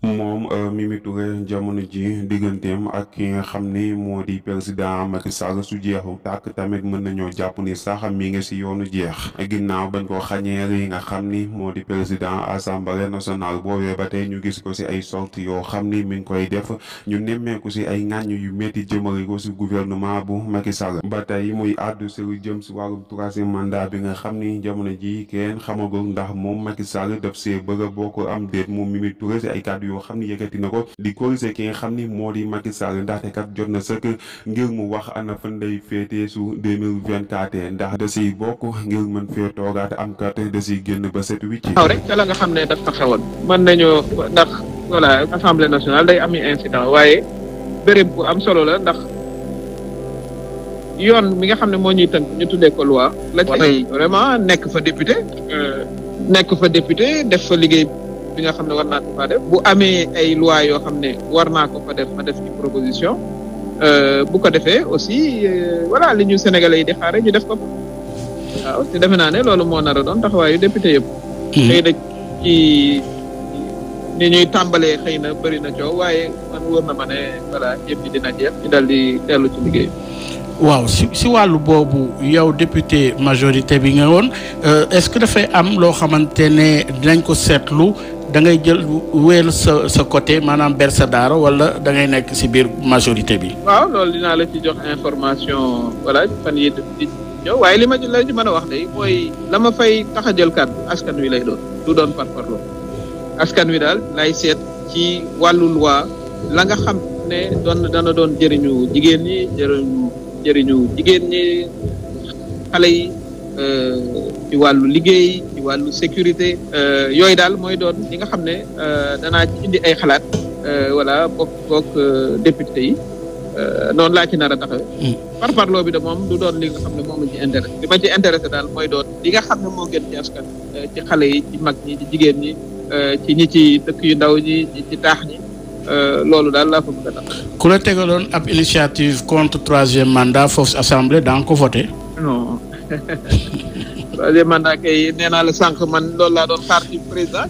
moom euh, Mimi Touré jamono ji digganteem ak ki nga xam ni moo di président Macky Sall su jeexu tàkk tamit mën nañoo jàpp ni sax mi ngi si yoonu jeex a ginnaaw bañ ko xañeer yi nga xam ni moo di président assemblée nationale boobee ba tey ñu gis ko si ay sorties yoo xam ni mi ngi koy def ñu nemmeeku si ay ŋàññ yu métti jëmale ko si gouvernement bu Macky Sall ba tey muy àddu si jëm si wàllum troisième mandat bi nga xam ni jamono ji kenn xamagul ndax moom Macky Sall def see bëgg boo bokk am déet moom Mimi Touré si ay kàddu yoo xam ni yëkkati na ko di corriger ki nga xam ni moo di Macky Sall ndaxte kat jot na sëkk ngir mu wax ana fan lay féetee su 2024 ndax da siy bokk man mën fee toogaat am kat da siy génn ba set wicc waaw rek nga xam ne daf fa man mën nañoo ndax voilà assemblée nationale day am incident waaye béréb bu am solo la ndax yoon mi nga xam ne moo ñuy tënk ñu tuddee ko loi la ci vraiment nekk fa député euh. nekk fa député def fa liggéey bi nga xam ne war naa ko bu amee ay loi yoo xam ne war naa ko fa def ma def ci proposition euh, bu ko defee aussi euh, voilà li ñu sénégalais yi di xaare ñu def ko waaw defe naa ne loolu moo nar a doon taxawaayu député yëpp mhm. xëy na ci ni ñuy tàmbalee xëy na bëri na coow waaye na ma waaw si si wàllu boobu yow député majorité bi nga woon euh, est-ce que dafay am loo xamante ne dinañ ko seetlu da ngay jël wéel sa sa côté maanaam ber sa daaro wala da ngay nekk si biir majorité bi. waaw loolu dinaa la ci jox information voilà fan yii di waaye li ma la ci mën a wax de mooy la ma fay tax a askan wi lay doon du doon par parlo askan wi daal lay seet ci wàllu loi la nga xam ne doon dana doon jëriñu jigéen ñi jëriñu jëriñu jigéen ñi xale yi euh, ci wàllu liggéey. ci wàllu sécurité euh, yooyu daal mooy doon li nga xam ne euh, danaa ci indi ay xalaat euh, voilà bokk bokk député yi noon laa ci nar a taxaw par mm. parloo bi de moom du doon li nga xam ne moom la ci intéressé li ma mooy doon li nga xam ne moo gën ci askan ci xale yi ci mag ñi ci jigéen ñi ci ñi ci dëkk yu ndaw ñi ci taax ñi loolu daal laa ko bëgg a tax ku la tegaloon ab initiative contre troisième mandat foofu assemblée danga ko voté non troisième mandat kay nee naa la sànq man loolu laa doon xaar ci président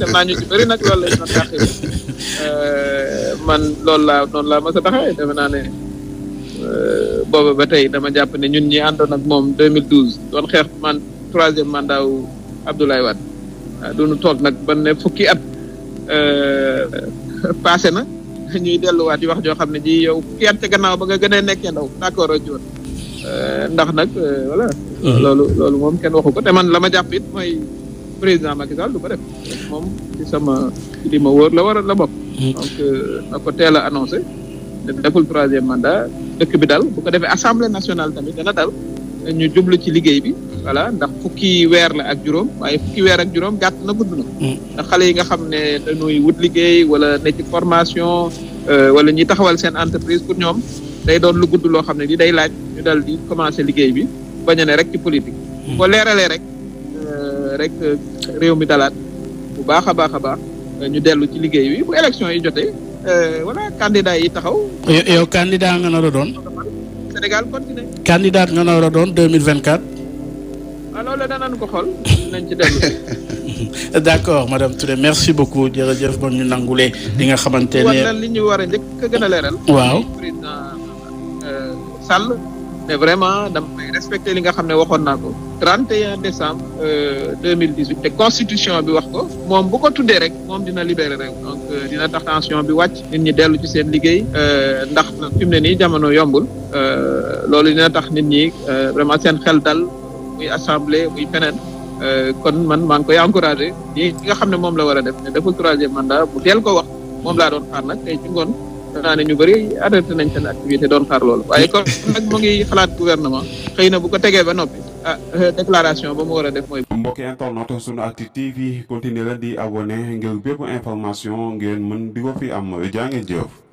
dem naa ñu ci nag loolu la doon xaar euh, man loolu laa noonu laa mos a taxawee naa ne euh, booba ba tey dama jàpp ne ñun ñi àndoon ak moom 2012 doon xeex man troisième mandat wu Abdoulaye Wade euh, du toog nag ba ne fukki at passé na ñuy delluwaat yi wax joo xam ne ji yow fukki at ca gannaaw ba nga gën a nekkee ndaw d'accord a woon ndax nag voilà. Mm-hmm. loolu loolu moom kenn waxu ko te man la ma jàpp it mooy président Macky Sall du ko def moom ci sama li ma wóor la waral la bopp mm-hmm. donc euh, na ko teel a annoncé ne deful troisième mandat dëkk bi dal bu ko defee assemblée nationale tamit dana dal ñu jublu ci liggéey bi voilà ndax fukki weer la ak juróom waaye fukki weer ak juróom gàtt na gudd na mm-hmm. ndax xale yi nga xam ne dañuy wut liggéey wala ne ci formation euh, wala ñuy taxawal seen entreprise pour ñoom day doon lu gudd loo xam ne li day laaj ñu di commencé liggéey bi bañ a ne rek ci politique. ko hmm. leeralee rek euh, rek euh, réew mi dalaat bu baax a baax a baax euh, ñu dellu ci liggéey bi bu élection yi jotee voilà candidat yi taxaw. yow candidat nga nar a doon. Sénégal continue. candidat nga nar a doon deux mille vingt quatre. ah loolu danañ ko xool nañ ci dellu. d'accord madame Touré merci beaucoup jërëjëf bon ñu nangulee li nga xamante ne. war na li ñu war a njëkk a gën a leeral. waaw président Sall. mais vraiment damay respecté li nga xam ne waxoon naa ko 31 décembre 2018 euh, te constitution bi wax ko moom bu ko tuddee rek moom dina libéré rek donc euh, dina tax tension bi wàcc nit ñi dellu ci seen liggéey euh, ndax fi mu ne nii jamono yombul loolu dina tax nit ñi vraiment seen xel dal muy assemblée muy feneen kon man maa ngi koy encouragé li nga xam ne moom la war a def ne deful troisième mandat bu teel ko wax moom laa doon xaar nag tey ci ngoon naa ne ñu bëri arrêté nañ seen activité doon xaar loolu waaye kon nag mu ngi xalaat gouvernement xëy na bu ko tegee ba noppi ah euh, déclaration ba mu war a def mooy. mbokki internet SUNACTU TV continuer la di abonné ngir bépp information ngeen mën di ko fi am jaa ngeen jëf.